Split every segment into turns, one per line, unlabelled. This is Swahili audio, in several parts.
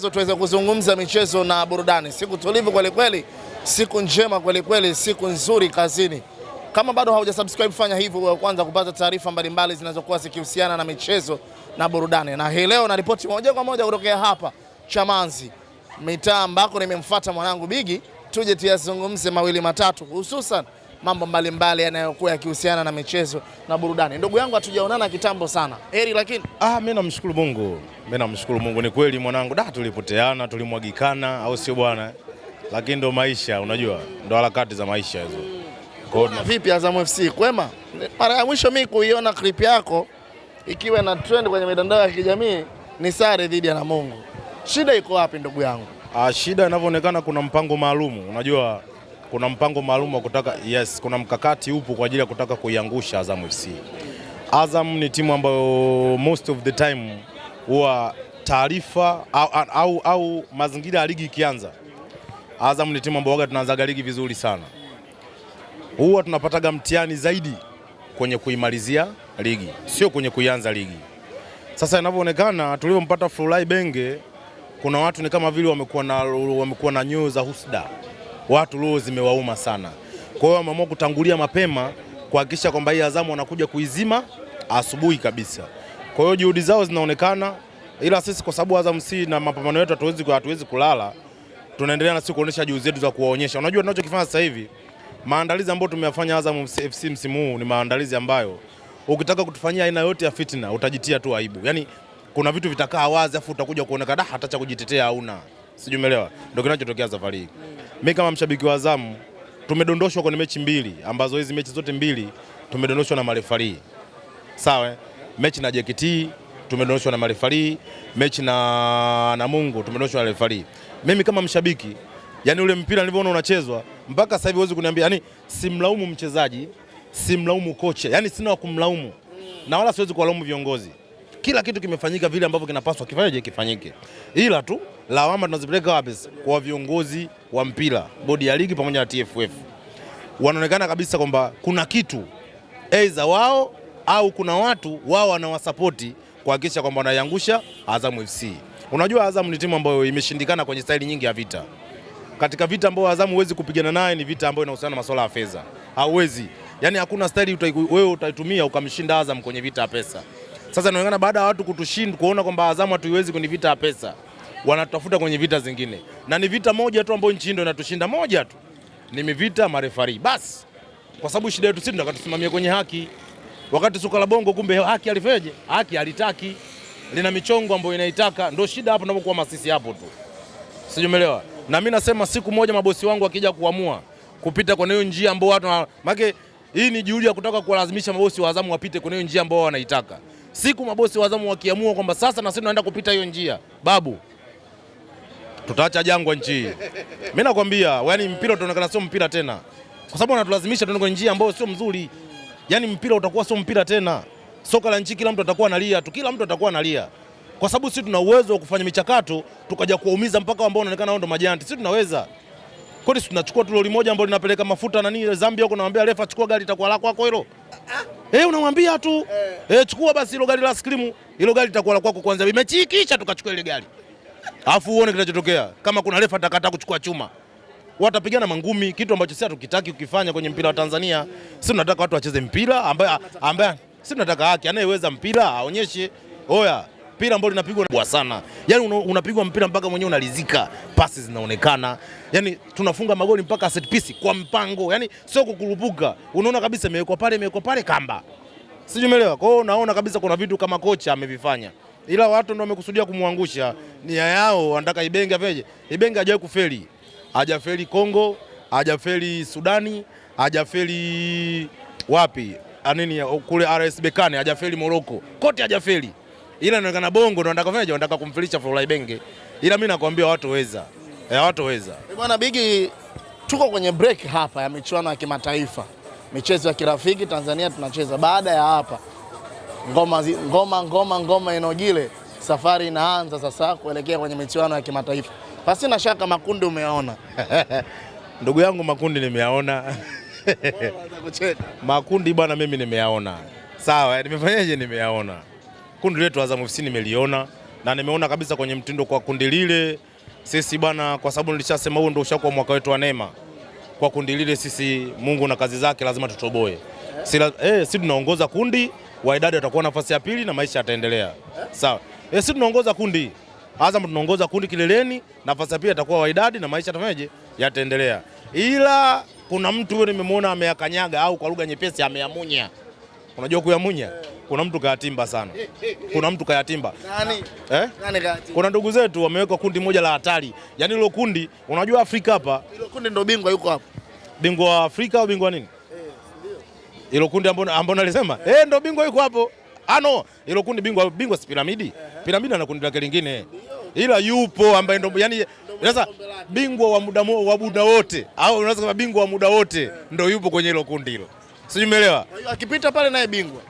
michezo tuweze kuzungumza michezo na burudani. Siku tulivu kweli kweli, siku njema kweli kweli, siku nzuri kazini. Kama bado subscribe, fanya hivyo wa kwanza kupata taarifa mbalimbali zinazokuwa zikihusiana na michezo na burudani. Na hii leo na ripoti moja kwa moja kutokea hapa Chamanzi, mitaa ambako nimemfuata mwanangu Bigi, tuje tuyazungumze mawili matatu hususan mambo mbalimbali yanayokuwa yakihusiana na michezo na burudani. Ndugu yangu, hatujaonana kitambo sana, heri lakini. Ah, mimi namshukuru Mungu, mimi namshukuru Mungu. Ni kweli mwanangu, da, tulipoteana tulimwagikana, au sio bwana? Lakini ndo maisha, unajua ndo harakati za maisha hizo. Kona vipi Azam FC, kwema? Mara ya mwisho mimi kuiona clip yako ikiwa na trend kwenye mitandao ya kijamii ni sare dhidi ya Namungo, shida iko wapi ndugu yangu? Ah, shida inavyoonekana kuna mpango maalumu, unajua kuna mpango maalum wa kutaka yes, kuna mkakati upo kwa ajili ya kutaka kuiangusha Azam FC. Azam ni timu ambayo most of the time huwa taarifa au, au, au mazingira ya ligi ikianza, Azam ni timu ambayo waga tunaanzaga ligi vizuri sana, huwa tunapataga mtihani zaidi kwenye kuimalizia ligi, sio kwenye kuianza ligi. Sasa inavyoonekana tulivyompata Fulai Benge, kuna watu ni kama vile wamekuwa na, wamekuwa na nyoyo za husda watu roho zimewauma sana. Kwa hiyo wameamua kutangulia mapema kuhakikisha kwamba hii Azamu wanakuja kuizima asubuhi kabisa. Kwa hiyo juhudi zao zinaonekana, ila sisi kwa sababu Azam si na mapambano yetu hatuwezi hatuwezi kulala, tunaendelea na sisi kuonesha juhudi zetu za kuwaonyesha. Unajua tunachokifanya sasa hivi, maandalizi ambayo tumeyafanya Azam FC msimu huu ni maandalizi ambayo ukitaka kutufanyia aina yote ya fitina utajitia tu aibu. Yaani kuna vitu vitakaa wazi afu utakuja kuonekana ah, hata cha kujitetea hauna. Sijumelewa. Ndio kinachotokea safari hii mimi kama mshabiki wa Azam tumedondoshwa kwenye mechi mbili ambazo hizi mechi zote mbili tumedondoshwa na marefari. Sawa, mechi na JKT tumedondoshwa na marefari, mechi na Namungo tumedondoshwa na refari. Mimi kama mshabiki, yani ule mpira nilivyoona unachezwa mpaka sasa hivi huwezi kuniambia, yani simlaumu mchezaji, simlaumu kocha, yani sina wa kumlaumu na wala siwezi kuwalaumu viongozi kila kitu kimefanyika vile ambavyo kinapaswa kifanye kifanyike, ila tu lawama tunazipeleka wapi? Kwa viongozi wa mpira, bodi ya ligi pamoja na TFF. Wanaonekana kabisa kwamba kuna kitu aidha wao au kuna watu wao wanawasapoti kuhakikisha kwamba wanayangusha Azam FC. Unajua Azam ni timu ambayo imeshindikana kwenye staili nyingi ya vita. Katika vita ambayo Azam huwezi kupigana naye ni vita ambayo inahusiana na masuala ya fedha. Hauwezi. Yaani hakuna staili wewe utaitumia ukamshinda Azam kwenye vita ya pesa. Sasa inaonekana baada ya watu kutushinda kuona kwamba Azamu hatuiwezi kwenye vita ya pesa, wanatafuta kwenye vita zingine, na ni vita moja tu ambayo nchi ndio inatushinda, moja tu ni mivita marefari basi, kwa sababu shida yetu sisi tunataka tusimamie kwenye haki, wakati suka la bongo kumbe haki alifeje, haki alitaki lina michongo ambayo inaitaka, ndio shida hapo tunapokuwa masisi hapo tu, sijumelewa. Na mimi nasema siku moja mabosi wangu akija kuamua kupita kwenye hiyo njia ambayo watu make, hii ni juhudi ya kutaka kuwalazimisha mabosi wa Azamu wapite kwenye hiyo njia ambayo wanaitaka. Siku mabosi wa Azamu wakiamua kwamba sasa na sisi tunaenda kupita hiyo njia, babu, tutaacha jangwa nchi hii. Mimi nakwambia, yani mpira utaonekana sio mpira tena, kwa sababu wanatulazimisha tuende kwenye njia ambayo sio mzuri. Yani mpira utakuwa sio mpira tena, soka la nchi, kila mtu atakuwa analia tu, kila mtu atakuwa analia kwa sababu sisi tuna uwezo wa kufanya michakato tukaja kuwaumiza mpaka ambao wanaonekana wao ndo majanti. Sisi tunaweza kwani, tunachukua tu lori moja ambalo linapeleka mafuta nani Zambia huko, naambia refa, chukua gari, itakuwa la kwako hilo. Ah, ah. Eh, unamwambia tu eh, eh chukua basi ilo gari la skrimu, ilo gari litakuwa la kwako kwanza. Mechi ikiisha tukachukua ile gari. Alafu uone kinachotokea. Kama kuna refa atakata kuchukua chuma. Watapigana mangumi, kitu ambacho sisi hatukitaki ukifanya kwenye mpira wa Tanzania. Sisi tunataka watu wacheze mpira ambaye ambaye sisi tunataka haki, anayeweza mpira aonyeshe. Oya, mpira ambao linapigwa kwa sana, yaani unapigwa mpira mpaka mwenyewe unalizika, pasi zinaonekana, yaani tunafunga magoli mpaka set piece kwa mpango, yaani sio kukurupuka, unaona kabisa imewekwa pale, imewekwa pale kamba, sijui umeelewa. Kwa hiyo unaona kabisa kuna vitu kama kocha amevifanya ila watu ndio wamekusudia kumwangusha. Nia yao wanataka Ibenge afeje. Ibenge hajawahi kufeli, hajafeli Kongo, hajafeli Sudani, hajafeli wapi anini kule RS Bekane, hajafeli Moroko, kote hajafeli ila inaonekana bongo ndo anataka kufanya, anataka kumfilisha Florent Ibenge, ila mimi nakwambia watu weza eh, watu weza eh, bwana Bigi. Tuko kwenye break hapa ya michuano ya kimataifa, michezo ya kirafiki Tanzania tunacheza. Baada ya hapa ngoma ngoma ngoma ngoma inojile, safari inaanza sasa kuelekea kwenye michuano ya kimataifa. Pasi na shaka makundi umeona. ndugu yangu, makundi nimeyaona makundi bwana, mimi nimeyaona. Sawa, nimefanyaje? Nimeyaona kundi letu Azam FC nimeliona na nimeona kabisa kwenye mtindo kwa kundi lile sisi bwana, kwa sababu nilishasema huo ndio ushakuwa mwaka wetu wa neema. Kwa kundi lile sisi, Mungu na kazi zake, lazima tutoboe. Si Eh, si tunaongoza kundi, Wydad atakuwa nafasi ya pili na maisha yataendelea. Sawa. Eh, si tunaongoza kundi, Azam tunaongoza kundi kileleni, nafasi ya pili atakuwa Wydad na maisha yatafanyaje? Yataendelea. Ila kuna mtu yule nimemwona ameyakanyaga, au kwa lugha nyepesi ameyamunya. Unajua kuyamunya? kuna mtu kayatimba sana, kuna mtu kayatimba. Nani? Eh? Nani kayatimba? Kuna ndugu zetu wameweka kundi moja la hatari, yaani hilo kundi, unajua Afrika hapa hilo kundi ndio bingwa yuko hapa, bingwa wa Afrika au bingwa nini Eh, hilo kundi ambao nalisema eh, hey, eh, ndo bingwa yuko hapo. Ah no, hilo kundi bingwa bingwa si piramidi. Uh eh, -huh. Eh. Piramidi ana kundi lake lingine. Ila yupo ambaye ndo yani unaweza bingwa wa muda wa muda wote au unaweza kusema bingwa wa muda wote uh Ndo yupo kwenye hilo kundi hilo. sijumelewa. Akipita pale naye bingwa.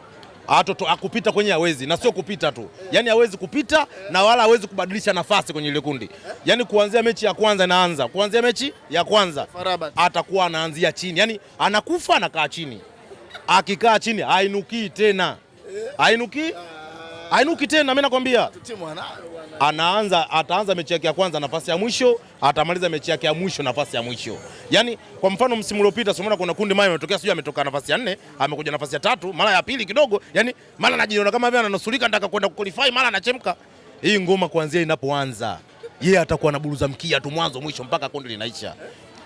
Atoto ah, akupita kwenye hawezi, na sio kupita tu, yani hawezi kupita na wala hawezi kubadilisha nafasi kwenye ile kundi. Yani kuanzia mechi ya kwanza inaanza, kuanzia mechi ya kwanza atakuwa anaanzia chini, yani anakufa anakaa chini. Akikaa chini hainukii tena, hainukii Ainuki tena, mimi nakwambia. Anaanza ataanza mechi yake ya kwanza nafasi ya mwisho, atamaliza mechi yake ya mwisho nafasi ya mwisho. Yaani kwa mfano msimu uliopita sio kuna kundi mayo ametokea sio ametoka nafasi ya nne, amekuja nafasi ya tatu, mara ya pili kidogo, yaani mara anajiona kama vile ananusulika, ndaka kwenda kuqualify, mara anachemka. Hii ngoma kuanzia inapoanza, yeye yeah, atakuwa anaburuza mkia tu mwanzo mwisho mpaka kundi linaisha.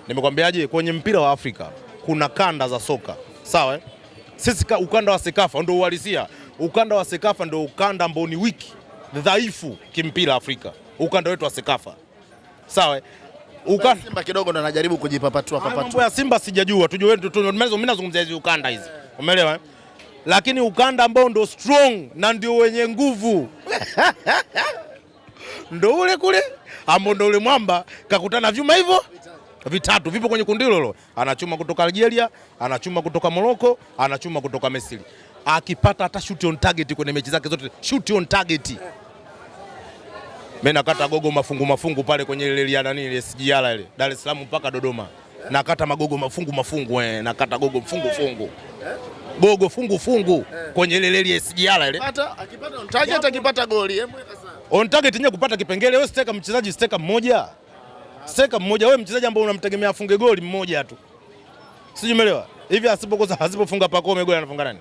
Nimekwambiaje kwenye mpira wa Afrika kuna kanda za soka. Sawa eh? Sisi ukanda wa Sekafa ndio uhalisia ukanda wa Sekafa ndio ukanda ambao ni wiki dhaifu kimpira Afrika, ukanda wetu wa Sekafa. Sawa, ukanda Simba kidogo ndo anajaribu kujipapatua ah, papatua. Mambo ya Simba sijajua, tujue mimi nazungumzia hizi ukanda hizi, umeelewa? Eh? Lakini ukanda ambao ndo strong na ndio wenye nguvu ndo ule kule ambao ndo ule mwamba kakutana vyuma hivyo vitatu vipo kwenye kundi hilo, anachuma kutoka Algeria, anachuma kutoka Morocco, anachuma kutoka Misri akipata hata shoot on target kwenye mechi zake zote, shoot on target. Mimi nakata gogo mafungu mafungu pale kwenye ile ya nani ile SGR ile Dar es Salaam mpaka Dodoma, nakata magogo mafungu mafungu eh, nakata gogo mfungu fungu gogo fungu fungu kwenye ile ile ya SGR ile akipata akipata on target, akipata goli hebu mweka sana on target yenyewe kupata kipengele. Wewe steka mchezaji steka mmoja steka mmoja, wewe mchezaji ambaye unamtegemea afunge goli mmoja tu, sijumelewa hivi, asipokosa asipofunga pakome goli anafunga nani?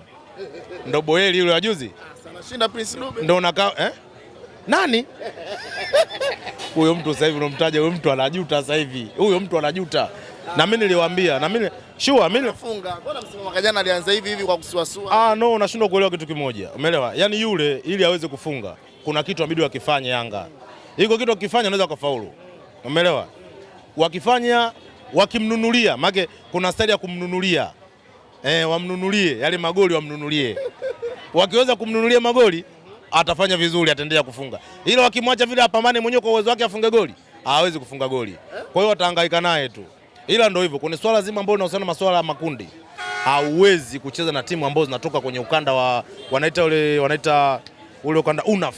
Ndo Boeli yule wa juzi. Ah, Anashinda Prince Dube. Ndo unakaa eh? Nani? Huyo mtu sasa hivi unamtaja, huyo mtu anajuta sasa hivi. Huyo mtu anajuta. Na mimi niliwaambia, na mimi sure mimi nafunga. Mbona msimu wa jana alianza hivi hivi kwa kusuasua? Ah no, nashindwa kuelewa kitu kimoja. Umeelewa? yani yule ili aweze kufunga, kuna kitu abidi wakifanye Yanga. Iko kitu wakifanya anaweza kufaulu. Umeelewa? Wakifanya wakimnunulia, make kuna staili ya kumnunulia eh, wamnunulie yale magoli wamnunulie. Wakiweza kumnunulia magoli atafanya vizuri, ataendelea kufunga, ila wakimwacha vile apambane mwenyewe kwa uwezo wake afunge goli, hawezi kufunga goli. Kwa hiyo atahangaika naye tu, ila ndio hivyo. Kuna swala zima ambalo linahusiana masuala ya makundi, hauwezi kucheza na timu ambazo zinatoka kwenye ukanda wa wanaita ule, wanaita ule ukanda UNAF.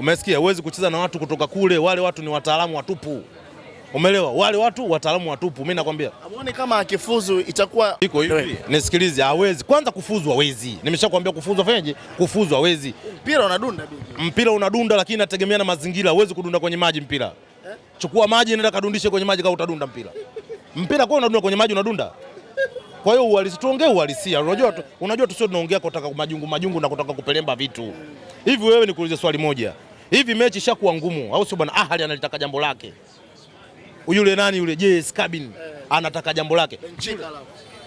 Umesikia, huwezi kucheza na watu kutoka kule, wale watu ni wataalamu watupu. Umeelewa? Wale watu wataalamu watupu, mimi nakwambia. Amuone kama akifuzu itakuwa iko hivi. Nisikilize, hawezi. Kwanza kufuzu hawezi. Nimeshakwambia kufuzu fanyeje? Kufuzu hawezi. Mpira unadunda bibi. Mpira unadunda lakini inategemea na mazingira. Hawezi kudunda kwenye maji mpira. Eh? Chukua maji nenda kadundishe kwenye maji kama utadunda mpira. Mpira kwa unadunda kwenye maji unadunda. Kwa hiyo uhalisi tuongee uhalisia. Unajua tu, unajua tu sio tunaongea kwa kutaka majungu majungu na kutaka kupelemba vitu. Hivi wewe nikuulize swali moja. Hivi mechi ishakuwa ngumu au sio bwana? Ahali analitaka jambo lake yule nani yule JS eh, anataka jambo lake.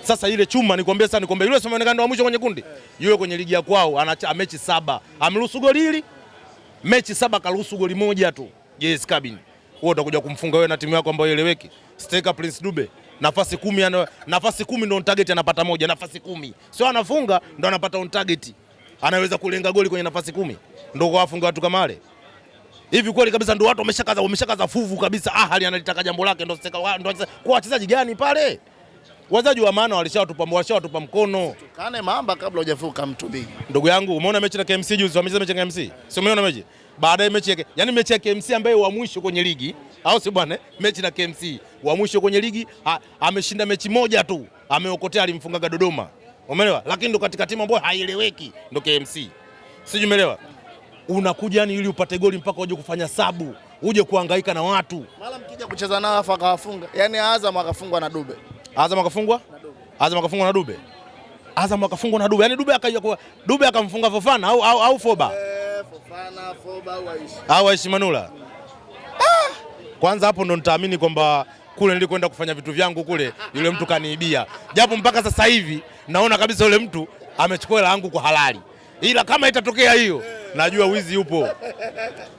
Sasa ile chuma nikwambia sasa nikwambia yule Samanikani wa mwisho kwenye kundi. Eh. Yule kwenye ligi ya kwao ana mechi saba. Amruhusu goli hili. Mechi saba karuhusu goli moja tu. JS Cabin. Wewe utakuja kumfunga wewe na timu yako ambayo ieleweki. Steka Prince Dube. Nafasi kumi ana nafasi kumi ndo on target anapata moja, nafasi kumi. Sio anafunga ndo anapata on target. Anaweza kulenga goli kwenye nafasi kumi. Ndio kwa wafunga watu kama wale hivi kweli kabisa ndio watu wameshakaza wameshakaza fuvu kabisa. Ahali ah, analitaka jambo lake ndio ndio. Kwa wachezaji gani pale? Wachezaji wa maana walishawatupa walishawatupa mkono. Tukane mamba kabla hujafuka mtu mtubi. Ndugu yangu, umeona mechi na KMC juzi, wamecheza mechi na KMC. Sio umeona mechi? baada ya mechi yake. Yaani mechi ya KMC ambayo wa mwisho kwenye ligi, au si bwana? Mechi na KMC wa mwisho kwenye ligi ameshinda mechi moja tu. Ameokotea alimfungaga Dodoma. Umeelewa? Lakini ndo katika timu ambayo haieleweki ndo KMC. sijumelewa? unakuja yani ili upate goli mpaka uje kufanya sabu, uje kuhangaika na watu. Mara mkija kucheza nao afa akawafunga. Yaani Azam akafungwa na Dube. Azam akafungwa? Na Azam akafungwa na Dube. Azam akafungwa na Dube. Yaani Dube akaja kwa Dube akamfunga Fofana au au, au Foba. Eh, Fofana, Foba au Aishi. Au Aishi Manula. Ah! Kwanza hapo ndo nitaamini kwamba kule nilikwenda kufanya vitu vyangu kule, yule mtu kaniibia. Japo mpaka sasa hivi naona kabisa yule mtu amechukua hela yangu kwa halali, ila kama itatokea hiyo eh najua wizi upo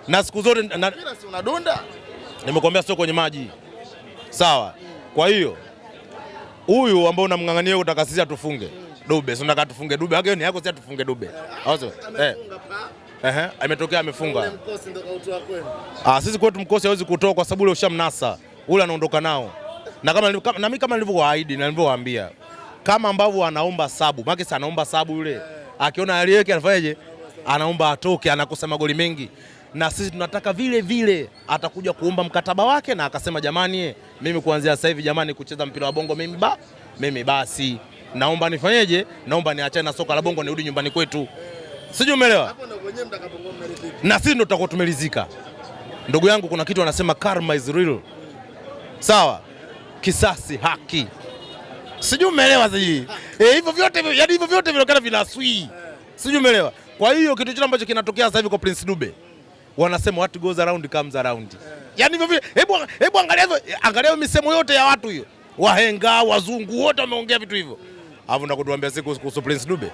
na siku zote na... unadunda nimekuambia sio kwenye maji sawa. Kwa hiyo huyu ambao unamng'ang'ania unataka sisi atufunge Dube, si unataka tufunge Dube yako ni yako, si atufunge Dube au eh ametokea amefunga. Ah, sisi kwetu mkosi hawezi kutoa kwa sababu ule ushamnasa ule anaondoka nao, na kama na mimi kama nilivyowaahidi na nilivyowaambia, kama ambavyo anaomba sabu maki, si anaomba sabu yule, eh. akiona aliweke anafanyaje? anaomba atoke, anakosa magoli mengi, na sisi tunataka vile vile atakuja kuomba mkataba wake, na akasema jamani, mimi kuanzia sasa hivi jamani, kucheza mpira wa bongo mimi ba mimi basi, naomba nifanyeje? Naomba niachane na soka la bongo, nirudi nyumbani kwetu. Sijui umeelewa, na sisi ndo tutakuwa tumelizika. Ndugu yangu, kuna kitu anasema karma is real, sawa? Kisasi haki, sijui umeelewa. Sijui eh, hivyo vyote, yani hivyo vyote vinakana vinaswii, eh. sijui umeelewa. Kwa hiyo kitu chote ambacho kinatokea sasa hivi kwa Prince Dube wanasema what goes around comes around. Yeah. Yaani hivyo hebu hebu angalia angalia misemo yote ya watu hiyo. Wahenga, wazungu wote wameongea vitu hivyo. Alafu ndakutuambia siku kuhusu Prince Dube.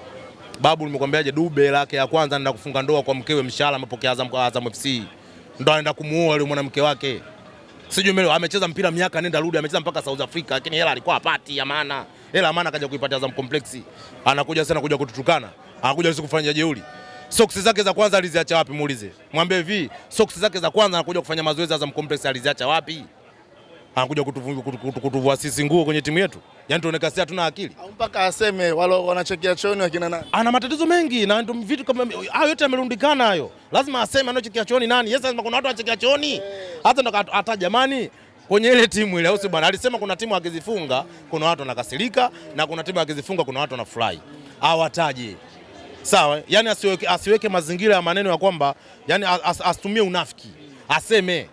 Babu nimekwambiaje Dube lake ya kwanza anaenda kufunga ndoa kwa mkewe mshala amepokea Azam kwa Azam FC. Ndio anaenda kumuoa yule mwanamke wake. Sijui mimi amecheza mpira miaka nenda rudi amecheza mpaka South Africa lakini hela alikuwa hapati ya maana. Hela maana akaja kuipata Azam Complex. Anakuja sana kuja kututukana. Anakuja sisi kufanya jeuri. Socks zake za kwanza aliziacha wapi? Muulize, mwambie hivi, socks zake za kwanza anakuja kufanya mazoezi Azam Complex aliziacha wapi? Anakuja kutuvua kutu, kutu, kutu, kutu, sisi nguo kwenye timu yetu, yaani tuonekana sisi hatuna akili au mpaka aseme wale wanachekea choni wakina nani? Ana matatizo mengi na ndio vitu kama hayo yote yamerundikana, hayo lazima aseme anachekea choni nani. Yes, lazima kuna watu wanachekea choni. hata ndo hata jamani kwenye ile timu ile au si bwana, alisema kuna timu akizifunga kuna watu wanakasirika na kuna timu akizifunga kuna watu wanafurahi, awataje sawa, yani asiweke, asiweke mazingira ya maneno ya kwamba yani as, asitumie unafiki aseme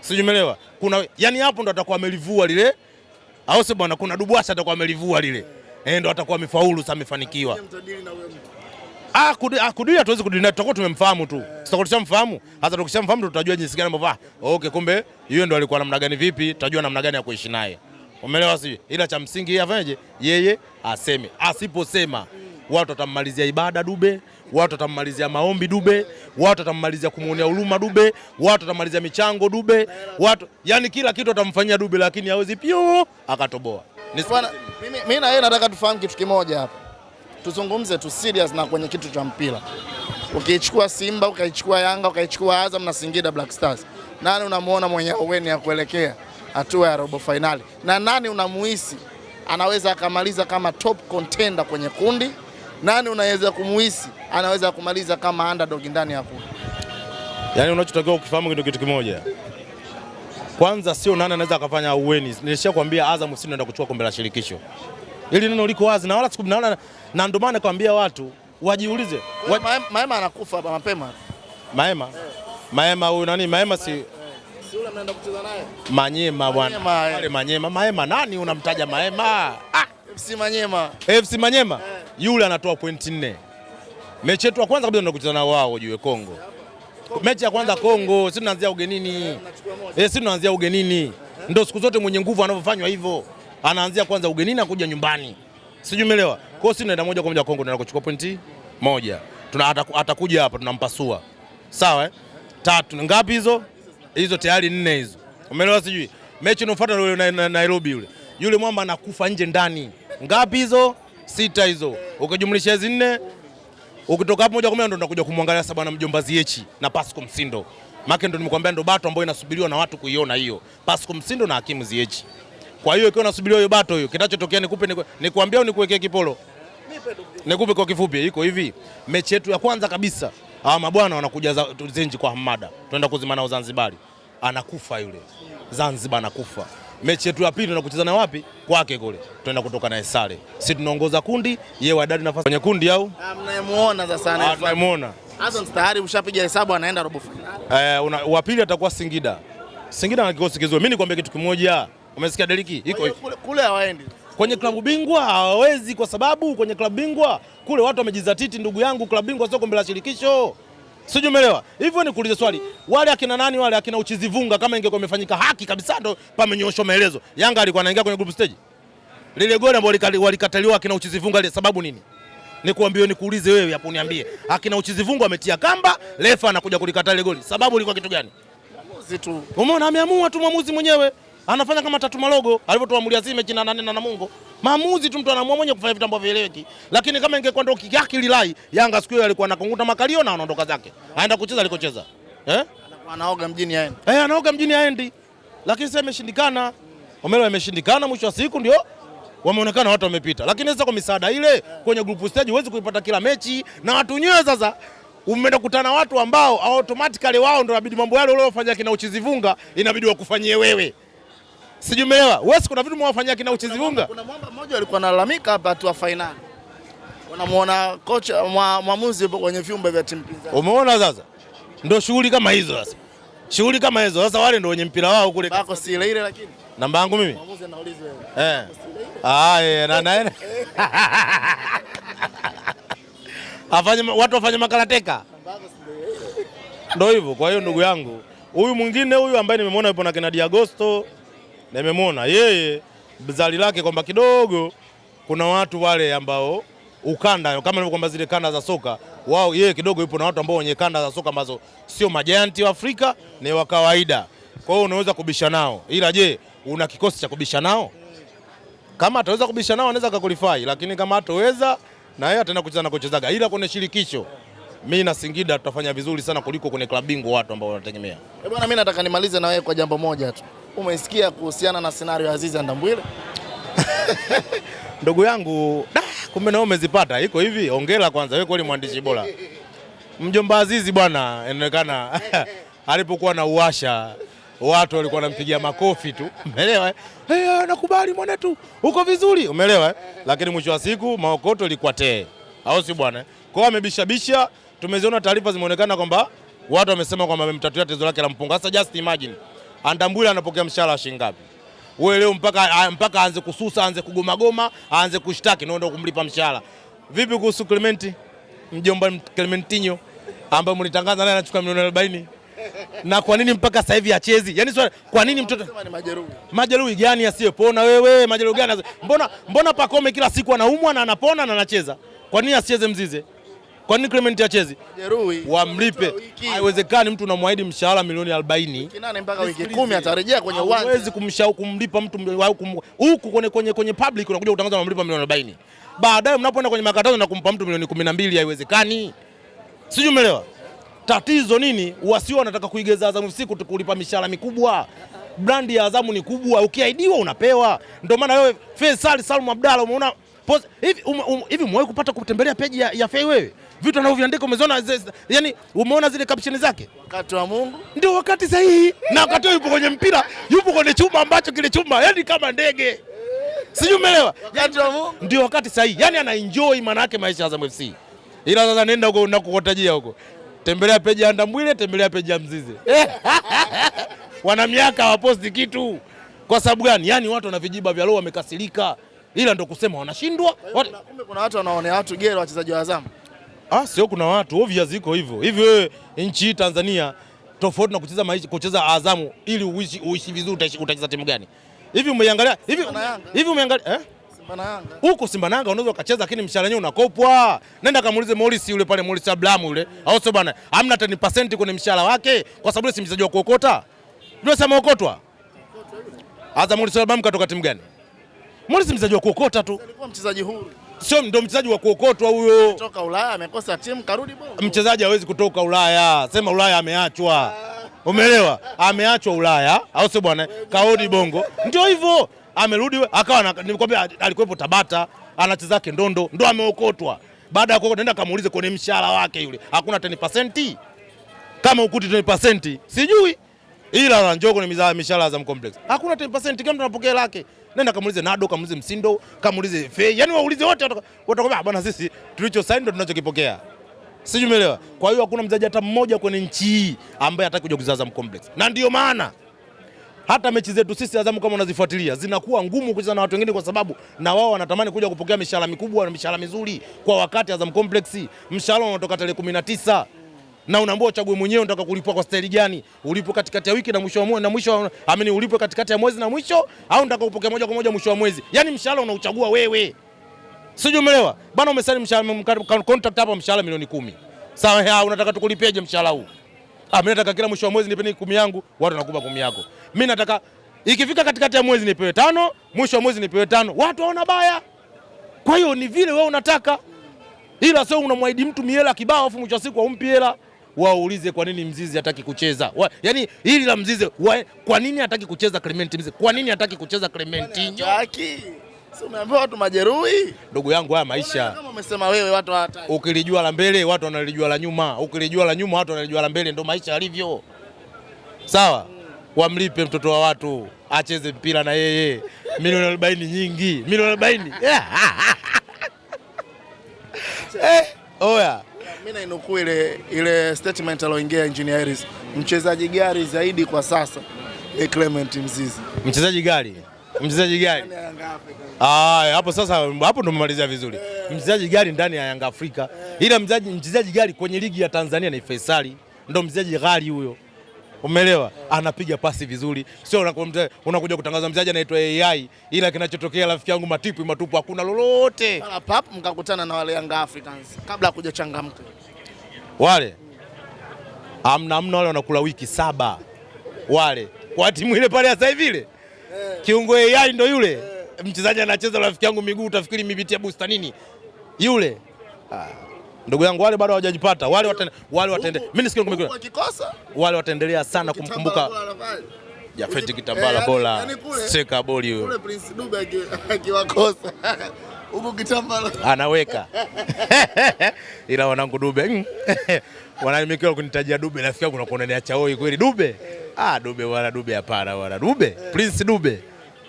sijumelewa kuna yani hapo ndo atakuwa amelivua lile au sio bwana? Kuna dubwasha atakuwa amelivua lile eh, ndo atakuwa amefaulu sasa, amefanikiwa. Ah, ah, kudili hatuwezi kudili na tutakuwa tumemfahamu tu, tutakuwa tushamfahamu. Hata tukishamfahamu tutajua jinsi gani ambavyo ah, okay, kumbe yeye ndo alikuwa namna gani, vipi, tutajua namna gani ya kuishi naye, umeelewa? Sijui ila cha msingi yeye afanyeje, yeye aseme, asiposema watu watammalizia ibada Dube, watu watammalizia maombi Dube, watu watammalizia kumwonea huruma Dube, watu watammalizia michango Dube, watu yani kila kitu atamfanyia Dube, lakini hawezi pio akatoboa. Mimi na yeye nataka tufahamu kitu kimoja hapa, tuzungumze tu serious na kwenye kitu cha mpira. Ukiichukua Simba, ukaichukua Yanga, ukaichukua Azam na Singida Black Stars, nani unamuona mwenye oweni ya kuelekea hatua ya robo fainali, na nani unamuhisi anaweza akamaliza kama top contender kwenye kundi nani unaweza kumuhisi anaweza kumaliza kama underdog ndani ya kundi? Yaani unachotakiwa ukifahamu kitu kitu kimoja kwanza, sio nani anaweza akafanya uweni. Nilishakwambia Azam si naenda kuchukua kombe la shirikisho, ili neno liko wazi na wala naona, na ndio maana nakwambia watu wajiulize waj... Maema, anakufa anakufa mapema. Maema hey. Eh. Maema huyu nani? Maema si eh, eh. hey. Manyema bwana wale Manyema, Maema nani unamtaja Maema? Ah, FC Manyema, FC Manyema eh yule anatoa pointi nne. Mechi yetu ya kwanza kabisa tunakutana na wao ujue Kongo. Mechi ya kwanza Kongo, sisi tunaanzia ugenini. Eh, sisi tunaanzia ugenini. Ndio siku zote mwenye nguvu anavyofanywa hivyo. Anaanzia kwanza ugenini na kuja nyumbani. Sijui umeelewa. Kwa hiyo sisi tunaenda moja kwa moja Kongo tunaenda kuchukua pointi moja. Tuna atakuja hapa tunampasua. Sawa eh? Tatu ngapi hizo? Hizo tayari nne hizo. Umeelewa sijui. Mechi inofuata na Nairobi yule. Yule mwamba anakufa nje ndani. Ngapi hizo? sita hizo ukijumlisha hizi nne, ukitoka hapo moja kwa moja ndo nakuja kumwangalia sasa bwana mjomba Ziechi na Pasco Msindo. Maana ndo nimekuambia ndo bato ambayo inasubiriwa na watu kuiona hiyo Pasco Msindo na Hakimu Ziechi. Kwa hiyo ikiwa unasubiriwa hiyo bato hiyo, kinachotokea nikupe nikuambia au nikuwekee kipolo nikupe kwa kifupi, iko hivi. Mechi yetu ya kwanza kabisa, hawa mabwana wanakuja Zenji kwa Hamada, Tuenda kuzima nao Zanzibari, anakufa yule Zanzibar, anakufa mechi yetu ya pili tunakucheza na wapi? Kwake kule tunaenda kutoka naye sare. si tunaongoza kundi, yeye wadadi nafasi kwenye kundi au ah, mnayemuona sasa, ah, mnayemuona Hassan tayari ushapiga hesabu, anaenda robo finali. Eh, wa pili atakuwa Singida. Singida ana kikosi kizuri. Mimi nikwambia kitu kimoja, umesikia Deriki iko kule, hawaendi kwenye klabu bingwa hawawezi, kwa sababu kwenye klabu bingwa kule watu wamejizatiti, ndugu yangu. Klabu bingwa sio kombe la shirikisho. Sijui umeelewa. Hivyo ni kuuliza swali. Wale akina nani wale akina uchizivunga kama ingekuwa imefanyika haki kabisa ndo pamenyooshwa maelezo. Yanga alikuwa anaingia kwenye group stage. Lile goli ambalo walikataliwa akina uchizivunga ile sababu nini? Nikuambie nikuulize wewe hapo niambie. Akina uchizivunga ametia kamba, refa anakuja kulikataa ile goli. Sababu ilikuwa kitu gani? Umeona ameamua tu mwamuzi mwenyewe anafanya kama Tatu Malogo alivyotuamulia zile mechi na nane na Namungo. Maamuzi tu mtu anaamua mwenye kufanya vitu ambavyo vieleweki. Lakini kama ingekuwa ndio kigaki lilai, Yanga siku hiyo alikuwa anakunguta makalio na anaondoka zake. Aenda kucheza alikocheza. Eh? Anaoga mjini aende. Eh, anaoga mjini aende. Lakini sasa imeshindikana. Omelo imeshindikana, mwisho wa siku ndio wameonekana watu wamepita. Lakini sasa kwa misaada ile kwenye group stage huwezi kuipata kila mechi na watu wenyewe sasa umeenda kutana watu ambao automatically wao ndio inabidi mambo yale uliofanya kina uchizivunga inabidi wakufanyie wewe sijumelewa Wesi kuna vitu mwafanyia kina uchezi unga. Kuna mwamba mmoja alikuwa analalamika hapa tu finali. unamwona kocha mwamuzi yupo kwenye vyumba vya timu pinzani. Umeona sasa? Ndio shughuli kama hizo sasa. Shughuli kama hizo sasa, wale ndio wenye mpira wao kule. Bako si ile ile lakini. Namba yangu mimi. Mwamuzi anauliza wewe. Eh. Ah, yeah, na na. Eh. Afanye watu wafanye makarateka. Ndio hivyo. Kwa hiyo ndugu yangu, huyu mwingine huyu ambaye nimemwona yupo na Kennedy Agosto na imemwona yeye zali lake kwamba kidogo kuna watu wale ambao ukanda kama ilivyo kwamba zile kanda za soka wao, yeye kidogo yupo na watu ambao wenye kanda za soka ambazo sio majanti wa Afrika, ni wa kawaida. Kwa hiyo unaweza kubisha nao, ila je, una kikosi cha kubisha nao? Kama ataweza kubisha nao anaweza kakulifai, lakini kama hatoweza na yeye ataenda kucheza na kuchezaga, ila kwenye shirikisho mi na Singida tutafanya vizuri sana kuliko kwenye klabu bingwa watu ambao wanategemea. Eh bwana, mimi nataka nimalize na wewe kwa jambo moja tu umesikia kuhusiana na scenario Azizi Andambwile? Ndugu yangu, da, kumbe nawe umezipata. Iko hivi, ongela kwanza, wewe kweli mwandishi bora. Mjomba Azizi bwana, inaonekana alipokuwa na uasha watu walikuwa wanampigia makofi tu, umeelewa? Hey, eh? eh, nakubali mwanetu, uko vizuri, umeelewa? Eh? Lakini mwisho wa siku maokoto ilikuwa tee, au si bwana? Kwao amebishabisha, tumeziona taarifa zimeonekana kwamba watu wamesema kwamba amemtatuia tezo lake la mpunga. Sasa just imagine Andambule anapokea mshahara shilingi ngapi? Wewe leo mpaka mpaka aanze kususa, aanze kugomagoma, aanze kushtaki na ndio kumlipa mshahara. Vipi kuhusu Clement? Mjomba Clementinho ambaye mlitangaza naye anachukua milioni 40. Na kwa nini mpaka sasa hivi achezi? Yaani swali, kwa nini mtoto majeruhi? Majeruhi gani asiyepona wewe? Majeruhi gani? Mbona mbona Pacome kila siku anaumwa na anapona na anacheza? Kwa nini asicheze mzize? Kwa nini Clement achezi? Jeruhi. Wamlipe. Haiwezekani mtu unamwahidi mshahara milioni 40. Wiki nane mpaka wiki 10 atarejea kwenye uwanja. Huwezi kumshau kumlipa mtu au kum... huku kwenye kwenye kwenye public unakuja kutangaza unamlipa milioni 40. Baadaye mnapoenda kwenye makatazo na kumpa mtu milioni 12 haiwezekani. Sijui umeelewa? Tatizo nini? Wasio wanataka kuigeza Azam FC kulipa mishahara mikubwa. Brandi ya Azamu ni kubwa, ukiaidiwa unapewa. Ndio maana wewe Faisal Salum Abdalla umeona hivi um, um, hivi umewahi kupata kutembelea peji ya, ya Fei wewe? vitu anavyoviandika umeziona, yani umeona zile caption zake. Wakati wa Mungu ndio wakati sahihi, na wakati huo yupo kwenye mpira, yupo kwenye chuma ambacho kile chuma yani kama ndege, sijui umeelewa? Wakati wa Mungu ndio wakati sahihi, yani ana enjoy maana yake maisha ya Azam FC. Ila sasa nenda huko na kukotajia huko, tembelea peji ya Ndambwile, tembelea peji ya Mzize wana miaka hawaposti kitu. Kwa sababu gani? Yani watu wana vijiba vya roho, wamekasirika, ila ndo kusema wanashindwa. Kumbe kuna watu wanaonea watu gero wachezaji wa Azam. Ah, sio kuna watu obvious iko hivyo. Hivi wewe nchi Tanzania tofauti na kucheza maisha, kucheza Azamu ili uishi uishi vizuri utacheza timu gani? Hivi umeangalia hivi hivi umeangalia eh? Simba na Yanga. Huko Simba na Yanga unaweza kucheza lakini mshahara wenyewe unakopwa. Nenda kamuulize Morris yule pale Morris Abraham yule. Au sio bwana? Hamna hata ni percent kwenye mshahara wake kwa sababu si mchezaji wa kuokota. Ndio sema okotwa. Azamu Morris Abraham katoka timu gani? Morris mchezaji wa kuokota tu. Alikuwa mchezaji huru sio ndo mchezaji wa kuokotwa huyo. Kutoka Ulaya amekosa timu karudi Bongo. Mchezaji hawezi kutoka Ulaya, sema Ulaya ameachwa. Umeelewa? Ameachwa Ulaya, au sio bwana? Kaodi Bongo, ndio hivyo, amerudi akawa, nilikwambia alikuwepo Tabata, anacheza kindondo, ndo ameokotwa. Baada ya kuokotwa, nenda kamuulize kwenye mshahara wake yule, hakuna 10% kama ukuti 10% sijui, ila njoo kwenye mishahara ya Azam Complex hakuna 10% kama tunapokea lake Nenda kamuulize Nado, kamuulize Msindo, kamuulize Fei, yani waulize wote, watakwambia bwana, sisi tulicho sign ndo tunachokipokea. Sijui umeelewa. Kwa hiyo hakuna mchezaji hata mmoja kwenye nchi hii ambaye hataki kuja kucheza Azam Complex, na ndio maana hata mechi zetu sisi Azamu kama unazifuatilia zinakuwa ngumu kucheza na watu wengine, kwa sababu na wao wanatamani kuja kupokea mishahara mikubwa na mishahara mizuri kwa wakati. Azam Complex mshahara unatoka tarehe 19 na unaambiwa uchague mwenyewe unataka kulipwa kwa staili gani, ulipo katikati ya wiki na mwisho wa mwezi na mwisho amini, ulipo katikati ya mwezi na mwisho, au unataka upokee moja kwa moja mwisho wa mwezi? Yani mshahara unauchagua wewe, sijui umeelewa bana. Umesaini mshahara contract hapa, mshahara milioni kumi, sawa? ha, Unataka tukulipeje mshahara huu? Ah, mimi nataka kila mwisho wa mwezi nipeni kumi yangu, watu nakupa kumi yako. Mimi nataka ikifika katikati ya mwezi nipewe tano, mwisho wa mwezi nipewe tano, watu waona baya. Kwa hiyo ni vile wewe unataka, ila sio unamwahidi mtu miela kibao, afu mwisho wa siku haumpi hela waulize kwa nini Mzizi hataki kucheza wa, yani hili la Mzizi wa, kwa nini hataki kucheza Clement Mzizi? Kwa nini hataki kucheza Clementinho? Umeambiwa watu majeruhi, ndugu yangu, haya maisha. Kama umesema wewe, watu hawataki. Ukilijua la mbele, watu wanalijua la nyuma. Ukilijua la nyuma, watu wanalijua la mbele. Ndio maisha yalivyo. Sawa, Wamlipe mtoto wa watu acheze mpira na yeye, milioni arobaini nyingi, milioni arobaini eh, eh, eh. eh, oya mimi nainukuu ile ile statement aloingia Engineer mchezaji gari zaidi kwa sasa ni Clement Mzizi. Mchezaji gari mchezaji gari ah, hapo sasa, hapo ndo mmalizia vizuri eh. Mchezaji gari ndani ya Yanga Afrika hey. Eh. Ila mchezaji gari kwenye ligi ya Tanzania ni Faisali, ndo mchezaji gari huyo. Umeelewa? Anapiga pasi vizuri, sio unakuja una kutangaza mchezaji anaitwa AI, ila kinachotokea rafiki yangu matipu matupu, hakuna lolote. Pap mkakutana na wale Yanga Africans kabla hakujachangamka wale, amna amna, wale wanakula wiki saba wale, kwa timu ile pale sasa hivi ile eh. kiungo AI ndo yule mchezaji anacheza, rafiki yangu miguu, utafikiri mibitia busta nini yule ah ndugu yangu, wale bado hawajajipata wale, watende, wale, watende, mimi nisikie kumekuwa wakikosa wale wataendelea sana kumkumbuka Jafeti Kitambala eh, bora seka boli huyo. Yule Prince Dube akiwakosa huko Kitambala anaweka ila wanangu Dube mm. wananimikiwa kunitajia Dube, rafiki yangu nakuonelea chaoi kweli Dube. Ah, Dube wala Dube hapana wala Dube Prince Dube.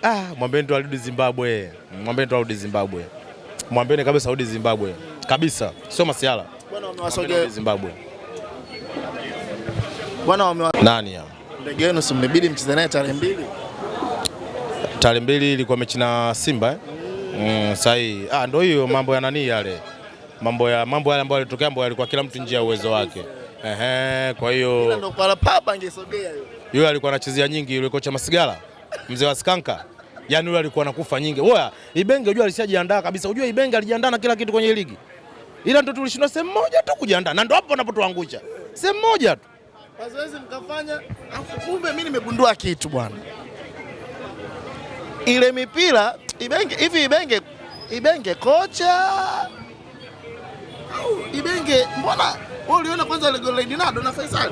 Ah, mwambie ndo arudi Zimbabwe, mwambie ndo arudi Zimbabwe mwambieni kabisa rudi Zimbabwe kabisa, sio masiala bwana. Wamewasoge Zimbabwe bwana, wamewa nani ya ndege yenu? Si mlibidi mcheze naye tarehe mbili, tarehe mbili ilikuwa mechi na Simba eh? Mm, mm, sahi. Ah, ndio hiyo mambo ya nani yale mambo ya mambo yale ambayo yalitokea ambayo yalikuwa kila mtu nje ya uwezo wake. Ehe, kwa hiyo ndio kwa papa angesogea yule alikuwa anachezea nyingi yule kocha Masigala mzee wa Skanka yani yule alikuwa anakufa nyingi. Wewe Ibenge unajua alishajiandaa kabisa. Unajua Ibenge alijiandaa na kila kitu kwenye ligi. Ila ndio tulishinda sehemu moja tu kujiandaa na ndio hapo wanapotuangusha. Sehemu moja tu. Mazoezi mkafanya, afu kumbe mimi nimegundua kitu bwana. Ile mipira Ibenge hivi Ibenge Ibenge kocha au Ibenge mbona wewe uliona kwanza ile la na Faisal?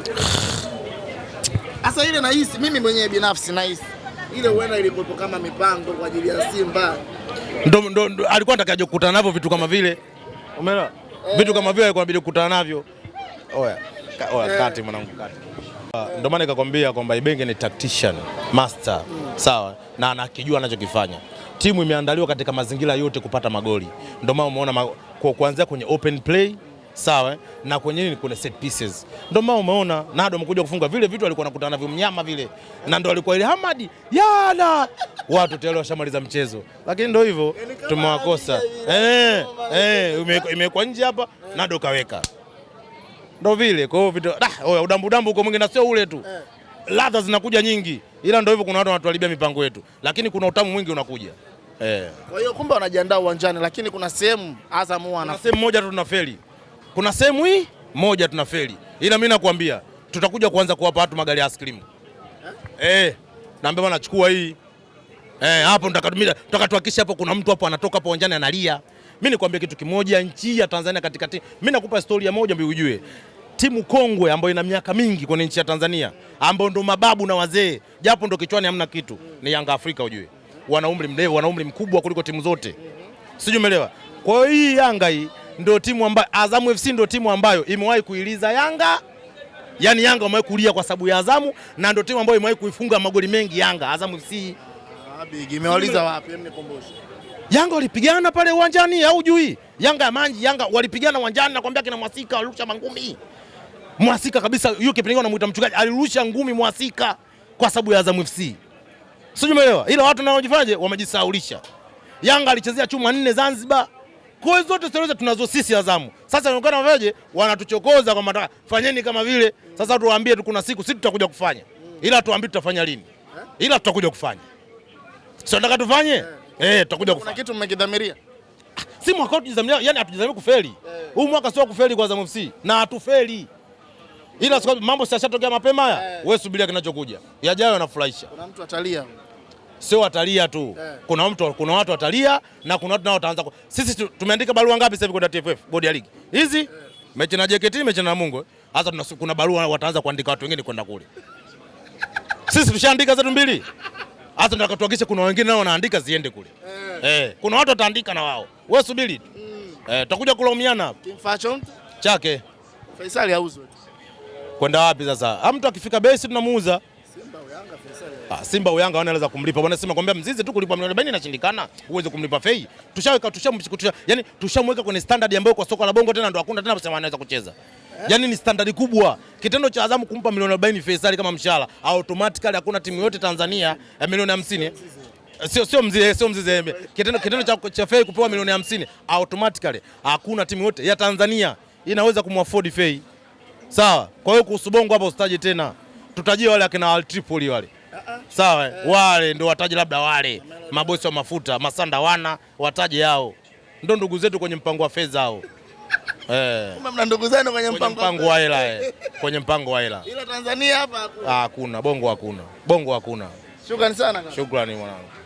Asa ile nahisi mimi mwenyewe binafsi nahisi ile huenda ilikuwepo kama mipango kwa ajili ya Simba, ndo, ndo, ndo alikuwa atakaje kukutana navyo vitu kama vile, umeelewa eh? Vitu kama vile alikuwa anabidi kukutana navyo. Oya, oya eh, kati mwanangu, kati uh, maana nikakwambia kwamba Ibenge ni tactician master mm. Sawa na anakijua anachokifanya. Timu imeandaliwa katika mazingira yote kupata magoli, ndio maana umeona ma, kuanzia kwenye open play sawa eh? na kwenye nini kule set pieces. Ndio maana umeona Nado amekuja kufunga vile vitu alikuwa anakutana navyo mnyama vile, na ndio alikuwa ile Hamadi yana watu tayari washamaliza mchezo, lakini ndio hivyo yaani tumewakosa. Eh, eh, imekuwa nje hapa Nado kaweka ndio vile. Kwa hiyo vitu ah, oya udambu dambu uko mwingi na sio ule tu eh. ladha zinakuja nyingi, ila ndio hivyo, kuna watu wanatuharibia mipango yetu, lakini kuna utamu mwingi unakuja eh. Kwa hiyo kumbe wanajiandaa uwanjani, lakini kuna sehemu Azam wana sehemu moja tu tunafeli kuna sehemu hii moja tunafeli, ila mimi nakwambia tutakuja kuanza kuwapa watu magari ya ice cream eh, eh naambia bwana, chukua hii eh, hapo nitakatumia tutakatuhakisha hapo. Kuna mtu hapo anatoka hapo uwanjani analia. Mimi nikwambia kitu kimoja, nchi ya Tanzania katikati, mimi nakupa story ya moja mbili ujue timu kongwe ambayo ina miaka mingi kwenye nchi ya Tanzania ambao ndo mababu na wazee japo ndo kichwani hamna kitu ni Yanga Afrika ujue, wana umri mrefu, wana umri mkubwa kuliko timu zote, sijui umeelewa. Kwa hiyo hii Yanga hii ndio timu ambayo Azam FC ndio timu ambayo imewahi kuiliza Yanga, yaani Yanga wamewahi kulia kwa sababu ya Azamu, na ndio timu ambayo imewahi kuifunga magoli mengi Yanga. Azam FC imewaliza wapi? Hem, Mnikumbushe. Yanga walipigana pale uwanjani au jui? Yanga ya Manji, Yanga walipigana uwanjani, nakwambia kina Mwasika walirusha mangumi. Mwasika kabisa, hiyo kipindi anamuita mchungaji, alirusha ngumi Mwasika kwa sababu ya Azam FC. Sijui umeelewa. Ila watu wanaojifanyaje wamejisaulisha. Yanga alichezea chuma nne Zanzibar, kwa zote sera tunazo sisi Azamu. Sasa inaonekana waje wanatuchokoza kwa mataka. Fanyeni kama vile. Sasa tuwaambie tu kuna siku sisi tutakuja kufanya. Ila tuambie tutafanya lini. Eh? Ila tutakuja kufanya. Sio nataka tufanye? Eh, eh tutakuja kufanya. Kuna kitu mmekidhamiria? Ah, si mwaka tujidhamiria, yani hatujidhamiria kufeli. Eh. Huu mwaka sio kufeli kwa Azam FC na hatufeli. Ila mambo sasa yashatokea mapema haya. Wewe subiria kinachokuja. Yajayo yanafurahisha. Kuna mtu atalia sio watalia tu yeah. Kuna mtu, kuna watu watalia na kuna watu nao wataanza. Sisi tumeandika barua ngapi sasa hivi kwa TFF bodi ya ligi hizi yeah. Mechi na JKT, mechi na Mungu hasa kuna barua wataanza kuandika watu wengine kwenda kule. Sisi tushaandika zetu mbili, hasa tunataka tuhakikishe kuna wengine nao wanaandika ziende kule yeah. Eh, kuna watu wataandika na wao, wewe subiri mm. Eh, tutakuja kulaumiana hapo kimfacho chake. Faisali auzwe kwenda wapi sasa? Hamtu ah, akifika base tunamuuza Simba Uyanga wana wanaweza kumlipa bwana. Simba kwambia mzizi tu kulipa milioni 40 inashindikana, uweze kumlipa fei. Tushaweka tusha, yani tushamweka kwenye standard ambayo kwa soka la bongo tena ndo hakuna tena kusema anaweza kucheza. Yaani ni standard kubwa. Kitendo cha Azamu kumpa milioni 40 Faisal kama mshahara, automatically hakuna timu yote Tanzania eh, milioni 50. Eh, sio sio mzee, sio mzee. Kitendo kitendo cha cha fei kupewa milioni 50 automatically hakuna timu yote ya Tanzania inaweza kumwafford fei. Sawa. Kwa hiyo kuhusu bongo hapo usitaje tena tutajie wale akina Altripoli wale uh-uh. sawa, eh. wale ndio wataje, labda wale mabosi wa mafuta masanda wana wataje, hao ndio ndugu zetu kwenye mpango wa fedha hao. Eh. Mna ndugu zenu kwenye mpango wa hela eh. kwenye mpango wa hela. Ila Tanzania hapa hakuna. Ah, hakuna bongo, hakuna bongo, hakuna. Shukrani sana. Shukrani mwanangu.